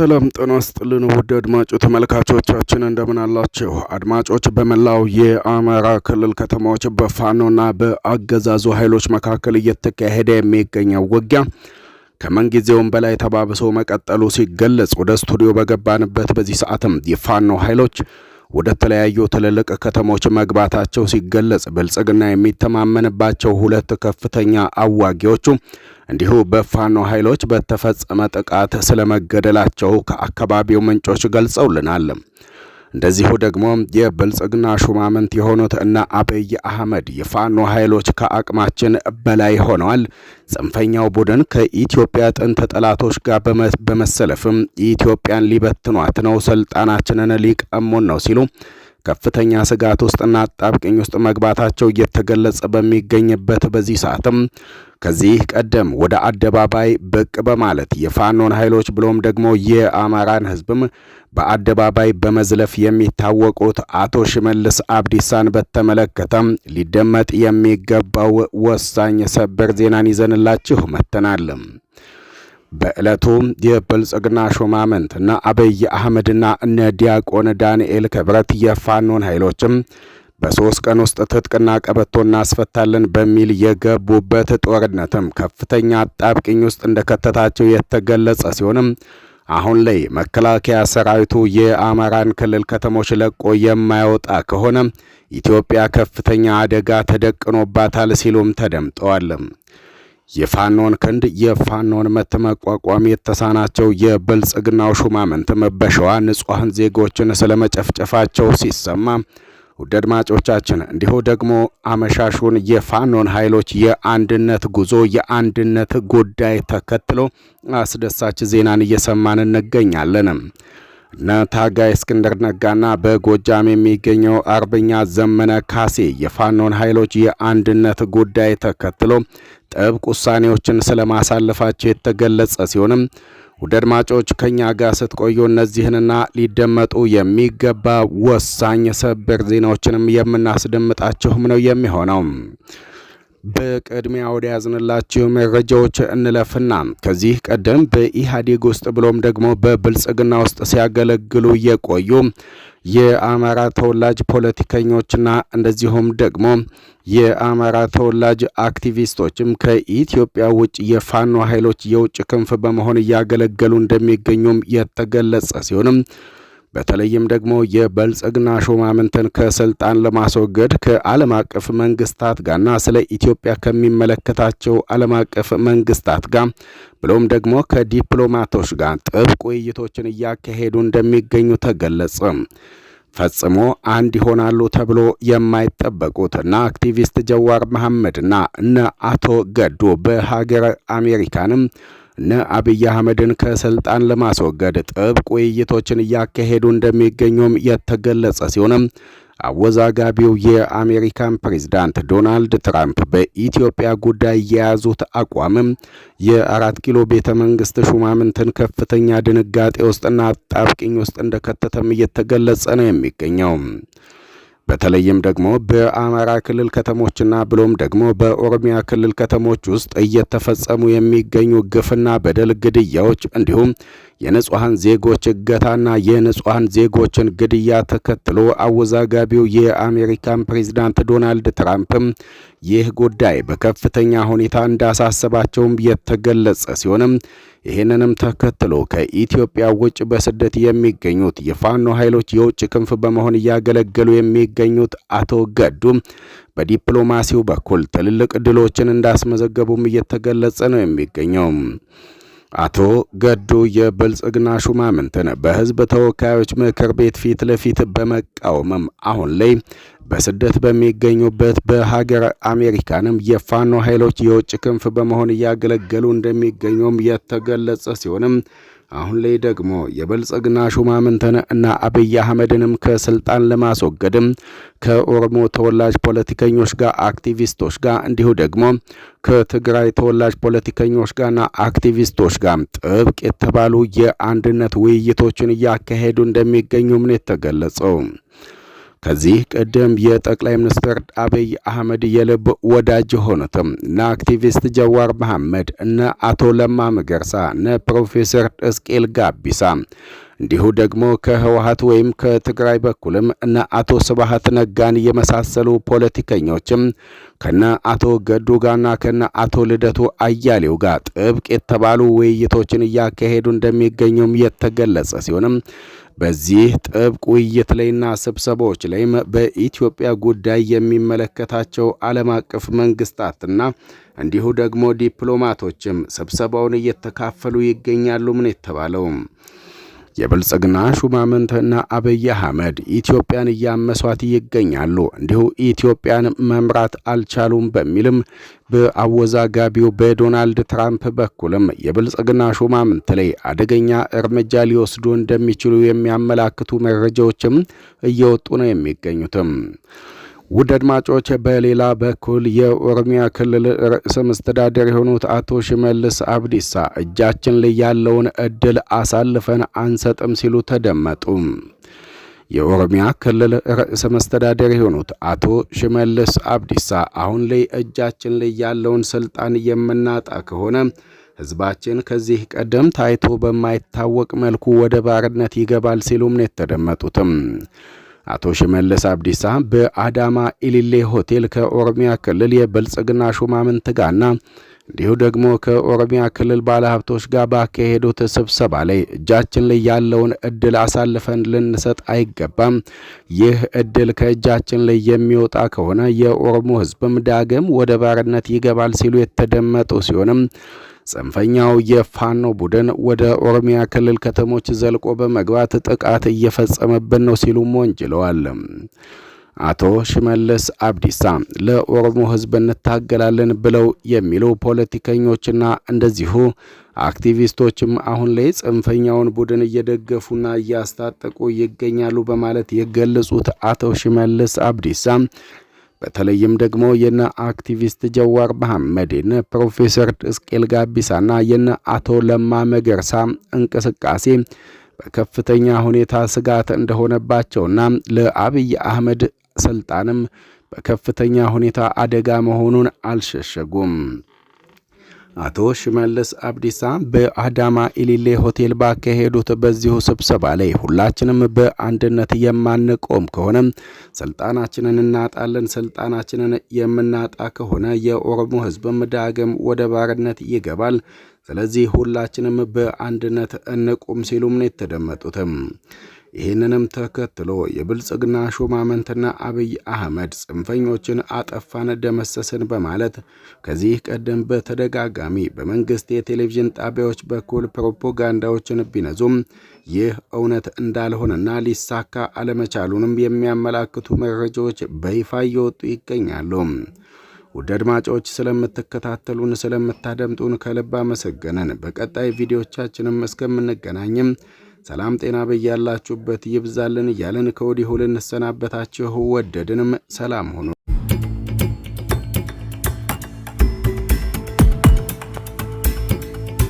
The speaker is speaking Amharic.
ሰላም ጤና ይስጥልን ውድ አድማጮ ተመልካቾቻችን እንደምን አላችሁ? አድማጮች በመላው የአማራ ክልል ከተማዎች በፋኖና በአገዛዙ ኃይሎች መካከል እየተካሄደ የሚገኘው ውጊያ ከምንጊዜውም በላይ ተባብሶ መቀጠሉ ሲገለጽ ወደ ስቱዲዮ በገባንበት በዚህ ሰዓትም የፋኖ ኃይሎች ወደ ተለያዩ ትልልቅ ከተሞች መግባታቸው ሲገለጽ ብልጽግና የሚተማመንባቸው ሁለት ከፍተኛ አዋጊዎቹ እንዲሁ በፋኖ ኃይሎች በተፈጸመ ጥቃት ስለመገደላቸው ከአካባቢው ምንጮች ገልጸውልናል። እንደዚሁ ደግሞ የብልጽግና ሹማምንት የሆኑት እነ አብይ አህመድ የፋኖ ኃይሎች ከአቅማችን በላይ ሆነዋል፣ ጽንፈኛው ቡድን ከኢትዮጵያ ጥንት ጠላቶች ጋር በመሰለፍም ኢትዮጵያን ሊበትኗት ነው፣ ስልጣናችንን ሊቀሙን ነው ሲሉ ከፍተኛ ስጋት ውስጥና አጣብቅኝ ውስጥ መግባታቸው እየተገለጸ በሚገኝበት በዚህ ሰዓትም ከዚህ ቀደም ወደ አደባባይ ብቅ በማለት የፋኖን ኃይሎች ብሎም ደግሞ የአማራን ህዝብም በአደባባይ በመዝለፍ የሚታወቁት አቶ ሽመልስ አብዲሳን በተመለከተም ሊደመጥ የሚገባው ወሳኝ ሰበር ዜናን ይዘንላችሁ መጥተናል። በዕለቱ የብልጽግና ሹማምንትና አብይ አህመድና እነ ዲያቆን ዳንኤል ክብረት የፋኖን ኃይሎችም በሶስት ቀን ውስጥ ትጥቅና ቀበቶ እናስፈታለን በሚል የገቡበት ጦርነትም ከፍተኛ አጣብቅኝ ውስጥ እንደከተታቸው የተገለጸ ሲሆንም አሁን ላይ መከላከያ ሰራዊቱ የአማራን ክልል ከተሞች ለቆ የማይወጣ ከሆነ ኢትዮጵያ ከፍተኛ አደጋ ተደቅኖባታል ሲሉም ተደምጠዋል። የፋኖን ክንድ የፋኖን መት መቋቋም የተሳናቸው የብልጽግናው ሹማምንትም በሸዋ ንጹሐን ዜጎችን ስለመጨፍጨፋቸው ሲሰማ ውድ አድማጮቻችን እንዲሁ ደግሞ አመሻሹን የፋኖን ኃይሎች የአንድነት ጉዞ የአንድነት ጉዳይ ተከትሎ አስደሳች ዜናን እየሰማን እንገኛለን። እነ ታጋይ እስክንድር ነጋና በጎጃም የሚገኘው አርበኛ ዘመነ ካሴ የፋኖን ኃይሎች የአንድነት ጉዳይ ተከትሎ ጥብቅ ውሳኔዎችን ስለማሳለፋቸው የተገለጸ ሲሆንም ውድ አድማጮች ከኛ ጋር ስትቆዩ እነዚህንና ሊደመጡ የሚገባ ወሳኝ ሰበር ዜናዎችንም የምናስደምጣችሁም ነው የሚሆነው። በቅድሚያ ወደ ያዝንላችሁ መረጃዎች እንለፍና ከዚህ ቀደም በኢህአዴግ ውስጥ ብሎም ደግሞ በብልጽግና ውስጥ ሲያገለግሉ የቆዩ የአማራ ተወላጅ ፖለቲከኞችና እንደዚሁም ደግሞ የአማራ ተወላጅ አክቲቪስቶችም ከኢትዮጵያ ውጭ የፋኖ ኃይሎች የውጭ ክንፍ በመሆን እያገለገሉ እንደሚገኙም የተገለጸ ሲሆንም በተለይም ደግሞ የበልጽግና ሾማምንትን ከስልጣን ለማስወገድ ከዓለም አቀፍ መንግስታት ጋርና ስለ ኢትዮጵያ ከሚመለከታቸው ዓለም አቀፍ መንግስታት ጋር ብሎም ደግሞ ከዲፕሎማቶች ጋር ጥብቅ ውይይቶችን እያካሄዱ እንደሚገኙ ተገለጸ። ፈጽሞ አንድ ይሆናሉ ተብሎ የማይጠበቁት እና አክቲቪስት ጀዋር መሐመድና እነ አቶ ገዱ በሀገር አሜሪካንም እነ አብይ አህመድን ከስልጣን ለማስወገድ ጥብቅ ውይይቶችን እያካሄዱ እንደሚገኙም የተገለጸ ሲሆንም አወዛጋቢው የአሜሪካን ፕሬዝዳንት ዶናልድ ትራምፕ በኢትዮጵያ ጉዳይ የያዙት አቋምም የአራት ኪሎ ቤተ መንግስት ሹማምንትን ከፍተኛ ድንጋጤ ውስጥና አጣብቂኝ ውስጥ እንደከተተም እየተገለጸ ነው የሚገኘው። በተለይም ደግሞ በአማራ ክልል ከተሞችና ብሎም ደግሞ በኦሮሚያ ክልል ከተሞች ውስጥ እየተፈጸሙ የሚገኙ ግፍና በደል፣ ግድያዎች እንዲሁም የንጹሐን ዜጎች እገታና የንጹሐን ዜጎችን ግድያ ተከትሎ አወዛጋቢው የአሜሪካን ፕሬዝዳንት ዶናልድ ትራምፕም ይህ ጉዳይ በከፍተኛ ሁኔታ እንዳሳሰባቸውም የተገለጸ ሲሆንም ይህንንም ተከትሎ ከኢትዮጵያ ውጭ በስደት የሚገኙት የፋኖ ኃይሎች የውጭ ክንፍ በመሆን እያገለገሉ የሚገኙት አቶ ገዱም በዲፕሎማሲው በኩል ትልልቅ ድሎችን እንዳስመዘገቡም እየተገለጸ ነው የሚገኘው። አቶ ገዱ የብልጽግና ሹማምንትን በህዝብ ተወካዮች ምክር ቤት ፊት ለፊት በመቃወምም አሁን ላይ በስደት በሚገኙበት በሀገር አሜሪካንም የፋኖ ኃይሎች የውጭ ክንፍ በመሆን እያገለገሉ እንደሚገኙም የተገለጸ ሲሆንም አሁን ላይ ደግሞ የብልጽግና ሹማምንትን እና አብይ አህመድንም ከስልጣን ለማስወገድም ከኦሮሞ ተወላጅ ፖለቲከኞች ጋር አክቲቪስቶች ጋር እንዲሁ ደግሞ ከትግራይ ተወላጅ ፖለቲከኞች ጋርና አክቲቪስቶች ጋር ጥብቅ የተባሉ የአንድነት ውይይቶችን እያካሄዱ እንደሚገኙም ነው የተገለጸው። ከዚህ ቀደም የጠቅላይ ሚኒስትር አብይ አህመድ የልብ ወዳጅ የሆኑትም እነ አክቲቪስት ጀዋር መሐመድ፣ እነ አቶ ለማ መገርሳ፣ እነ ፕሮፌሰር እስቄል ጋቢሳ እንዲሁ ደግሞ ከህወሀት ወይም ከትግራይ በኩልም እነ አቶ ስብሃት ነጋን የመሳሰሉ ፖለቲከኞችም ከነ አቶ ገዱ ጋርና ከነ አቶ ልደቱ አያሌው ጋር ጥብቅ የተባሉ ውይይቶችን እያካሄዱ እንደሚገኙም የተገለጸ ሲሆንም በዚህ ጥብቅ ውይይት ላይና ስብሰባዎች ላይም በኢትዮጵያ ጉዳይ የሚመለከታቸው ዓለም አቀፍ መንግስታትና እንዲሁ ደግሞ ዲፕሎማቶችም ስብሰባውን እየተካፈሉ ይገኛሉ ምን የተባለው። የብልጽግና ሹማምንትና አብይ አህመድ ኢትዮጵያን እያመሷት ይገኛሉ። እንዲሁ ኢትዮጵያን መምራት አልቻሉም በሚልም በአወዛጋቢው በዶናልድ ትራምፕ በኩልም የብልጽግና ሹማምንት ላይ አደገኛ እርምጃ ሊወስዱ እንደሚችሉ የሚያመላክቱ መረጃዎችም እየወጡ ነው የሚገኙትም ውድ አድማጮች በሌላ በኩል የኦሮሚያ ክልል ርዕሰ መስተዳደር የሆኑት አቶ ሽመልስ አብዲሳ እጃችን ላይ ያለውን እድል አሳልፈን አንሰጥም ሲሉ ተደመጡ። የኦሮሚያ ክልል ርዕሰ መስተዳደር የሆኑት አቶ ሽመልስ አብዲሳ አሁን ላይ እጃችን ላይ ያለውን ስልጣን የምናጣ ከሆነ ህዝባችን ከዚህ ቀደም ታይቶ በማይታወቅ መልኩ ወደ ባርነት ይገባል ሲሉም ነው የተደመጡትም። አቶ ሽመልስ አብዲሳ በአዳማ ኢሊሌ ሆቴል ከኦሮሚያ ክልል የብልጽግና ሹማምንት ጋርና እንዲሁ ደግሞ ከኦሮሚያ ክልል ባለሀብቶች ጋር ባካሄዱት ስብሰባ ላይ እጃችን ላይ ያለውን እድል አሳልፈን ልንሰጥ አይገባም። ይህ እድል ከእጃችን ላይ የሚወጣ ከሆነ የኦሮሞ ሕዝብም ዳግም ወደ ባርነት ይገባል ሲሉ የተደመጡ ሲሆንም ጽንፈኛው የፋኖ ቡድን ወደ ኦሮሚያ ክልል ከተሞች ዘልቆ በመግባት ጥቃት እየፈጸመብን ነው ሲሉም ወንጅለዋል። አቶ ሽመልስ አብዲሳ ለኦሮሞ ሕዝብ እንታገላለን ብለው የሚሉ ፖለቲከኞችና እንደዚሁ አክቲቪስቶችም አሁን ላይ ጽንፈኛውን ቡድን እየደገፉና እያስታጠቁ ይገኛሉ በማለት የገለጹት አቶ ሽመልስ አብዲሳ በተለይም ደግሞ የነ አክቲቪስት ጀዋር መሐመድን ፕሮፌሰር እስቄል ጋቢሳና የነ አቶ ለማ መገርሳ እንቅስቃሴ በከፍተኛ ሁኔታ ስጋት እንደሆነባቸውና ለአብይ አህመድ ስልጣንም በከፍተኛ ሁኔታ አደጋ መሆኑን አልሸሸጉም። አቶ ሽመልስ አብዲሳ በአዳማ ኢሊሌ ሆቴል ባካሄዱት በዚሁ ስብሰባ ላይ ሁላችንም በአንድነት የማንቆም ከሆነ ስልጣናችንን እናጣለን። ስልጣናችንን የምናጣ ከሆነ የኦሮሞ ሕዝብም ዳግም ወደ ባርነት ይገባል። ስለዚህ ሁላችንም በአንድነት እንቁም ሲሉም ነው የተደመጡትም። ይህንንም ተከትሎ የብልጽግና ሹማምንትና አብይ አህመድ ጽንፈኞችን አጠፋን ደመሰስን በማለት ከዚህ ቀደም በተደጋጋሚ በመንግስት የቴሌቪዥን ጣቢያዎች በኩል ፕሮፓጋንዳዎችን ቢነዙም ይህ እውነት እንዳልሆነና ሊሳካ አለመቻሉንም የሚያመላክቱ መረጃዎች በይፋ እየወጡ ይገኛሉ። ውድ አድማጮች ስለምትከታተሉን፣ ስለምታደምጡን ከልብ አመሰገንን። በቀጣይ ቪዲዮቻችንም እስከምንገናኝም ሰላም ጤና በያላችሁበት ይብዛልን እያልን ከወዲሁ ልንሰናበታችሁ ወደድንም። ሰላም ሁኑ።